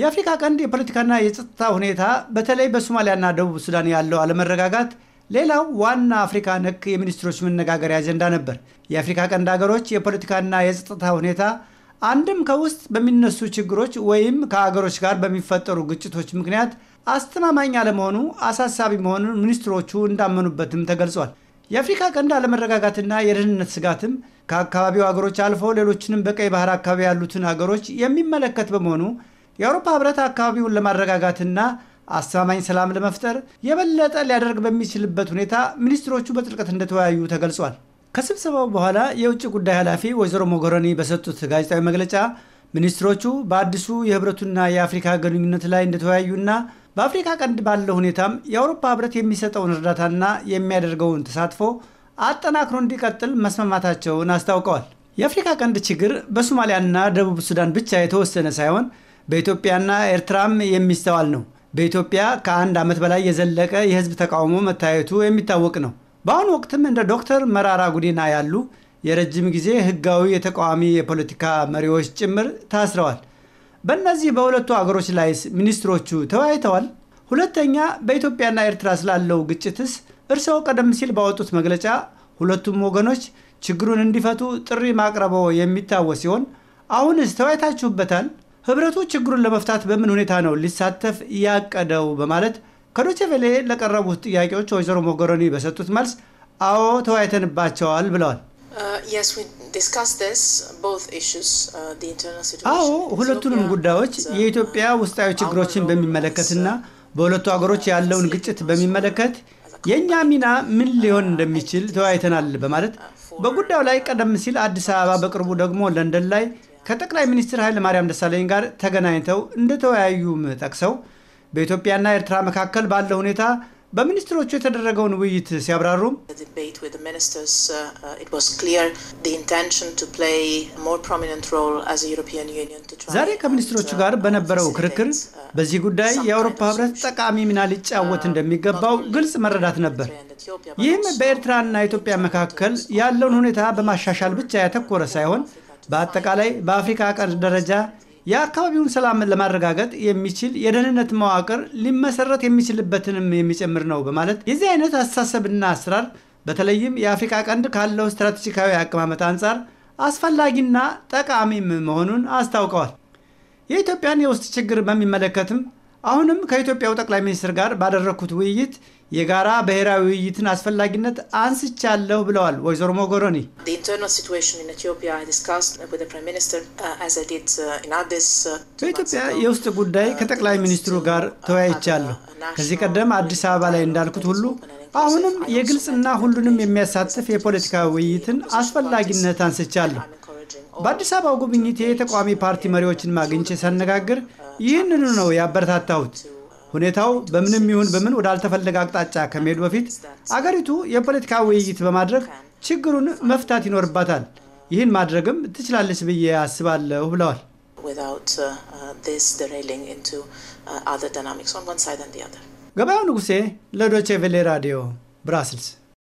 የአፍሪካ ቀንድ የፖለቲካና የጸጥታ ሁኔታ በተለይ በሶማሊያና ደቡብ ሱዳን ያለው አለመረጋጋት ሌላው ዋና አፍሪካ ነክ የሚኒስትሮች መነጋገሪያ አጀንዳ ነበር። የአፍሪካ ቀንድ ሀገሮች የፖለቲካና የጸጥታ ሁኔታ አንድም ከውስጥ በሚነሱ ችግሮች ወይም ከአገሮች ጋር በሚፈጠሩ ግጭቶች ምክንያት አስተማማኝ አለመሆኑ አሳሳቢ መሆኑን ሚኒስትሮቹ እንዳመኑበትም ተገልጿል። የአፍሪካ ቀንድ አለመረጋጋትና የደህንነት ስጋትም ከአካባቢው ሀገሮች አልፎ ሌሎችንም በቀይ ባህር አካባቢ ያሉትን ሀገሮች የሚመለከት በመሆኑ የአውሮፓ ህብረት አካባቢውን ለማረጋጋትና አስተማማኝ ሰላም ለመፍጠር የበለጠ ሊያደርግ በሚችልበት ሁኔታ ሚኒስትሮቹ በጥልቀት እንደተወያዩ ተገልጿል። ከስብሰባው በኋላ የውጭ ጉዳይ ኃላፊ ወይዘሮ ሞገረኒ በሰጡት ጋዜጣዊ መግለጫ ሚኒስትሮቹ በአዲሱ የህብረቱና የአፍሪካ ግንኙነት ላይ እንደተወያዩና በአፍሪካ ቀንድ ባለው ሁኔታም የአውሮፓ ህብረት የሚሰጠውን እርዳታና የሚያደርገውን ተሳትፎ አጠናክሮ እንዲቀጥል መስማማታቸውን አስታውቀዋል። የአፍሪካ ቀንድ ችግር በሶማሊያና ደቡብ ሱዳን ብቻ የተወሰነ ሳይሆን በኢትዮጵያና ኤርትራም የሚስተዋል ነው። በኢትዮጵያ ከአንድ ዓመት በላይ የዘለቀ የህዝብ ተቃውሞ መታየቱ የሚታወቅ ነው። በአሁኑ ወቅትም እንደ ዶክተር መራራ ጉዲና ያሉ የረጅም ጊዜ ህጋዊ የተቃዋሚ የፖለቲካ መሪዎች ጭምር ታስረዋል። በእነዚህ በሁለቱ አገሮች ላይስ ሚኒስትሮቹ ተወያይተዋል? ሁለተኛ በኢትዮጵያና ኤርትራ ስላለው ግጭትስ እርስዎ ቀደም ሲል ባወጡት መግለጫ ሁለቱም ወገኖች ችግሩን እንዲፈቱ ጥሪ ማቅረበው የሚታወስ ሲሆን አሁንስ ተወያይታችሁበታል? ህብረቱ ችግሩን ለመፍታት በምን ሁኔታ ነው ሊሳተፍ ያቀደው? በማለት ከዶቼቬሌ ለቀረቡት ጥያቄዎች ወይዘሮ ሞገሮኒ በሰጡት መልስ አዎ ተወያይተንባቸዋል ብለዋል። uh, uh, አዎ ሁለቱንም ጉዳዮች uh, የኢትዮጵያ ውስጣዊ ችግሮችን በሚመለከትና በሁለቱ ሀገሮች ያለውን ግጭት በሚመለከት የእኛ ሚና ምን ሊሆን እንደሚችል ተወያይተናል በማለት በጉዳዩ ላይ ቀደም ሲል አዲስ አበባ፣ በቅርቡ ደግሞ ለንደን ላይ ከጠቅላይ ሚኒስትር ኃይለማርያም ደሳለኝ ጋር ተገናኝተው እንደተወያዩም ጠቅሰው በኢትዮጵያና ኤርትራ መካከል ባለው ሁኔታ በሚኒስትሮቹ የተደረገውን ውይይት ሲያብራሩ uh, ዛሬ ከሚኒስትሮቹ ጋር በነበረው ክርክር uh, በዚህ ጉዳይ የአውሮፓ ሕብረት ጠቃሚ ሚና ሊጫወት uh, እንደሚገባው ግልጽ መረዳት ነበር። ይህም በኤርትራና ኢትዮጵያ መካከል ያለውን ሁኔታ በማሻሻል ብቻ ያተኮረ ሳይሆን በአጠቃላይ በአፍሪካ ቀንድ ደረጃ የአካባቢውን ሰላም ለማረጋገጥ የሚችል የደህንነት መዋቅር ሊመሰረት የሚችልበትንም የሚጨምር ነው በማለት የዚህ አይነት አስተሳሰብና አሰራር በተለይም የአፍሪካ ቀንድ ካለው ስትራቴጂካዊ አቀማመጥ አንጻር አስፈላጊና ጠቃሚም መሆኑን አስታውቀዋል። የኢትዮጵያን የውስጥ ችግር በሚመለከትም አሁንም ከኢትዮጵያው ጠቅላይ ሚኒስትር ጋር ባደረግኩት ውይይት የጋራ ብሔራዊ ውይይትን አስፈላጊነት አንስቻለሁ ብለዋል ወይዘሮ ሞጎሮኒ። uh, uh, uh, በኢትዮጵያ የውስጥ ጉዳይ ከጠቅላይ ሚኒስትሩ ጋር ተወያይቻለሁ። ከዚህ ቀደም አዲስ አበባ ላይ እንዳልኩት ሁሉ አሁንም የግልጽና ሁሉንም የሚያሳትፍ የፖለቲካ ውይይትን አስፈላጊነት አንስቻለሁ። በአዲስ አበባ ጉብኝት የተቃዋሚ ፓርቲ መሪዎችን ማግኝቼ ሳነጋግር uh, ይህንኑ ነው uh, ያበረታታሁት። uh, ሁኔታው በምንም ይሁን በምን ወዳልተፈለገ አቅጣጫ ከመሄዱ በፊት አገሪቱ የፖለቲካ ውይይት በማድረግ ችግሩን መፍታት ይኖርባታል። ይህን ማድረግም ትችላለች ብዬ አስባለሁ ብለዋል። ገበያው ንጉሴ ለዶቼ ቬሌ ራዲዮ ብራስልስ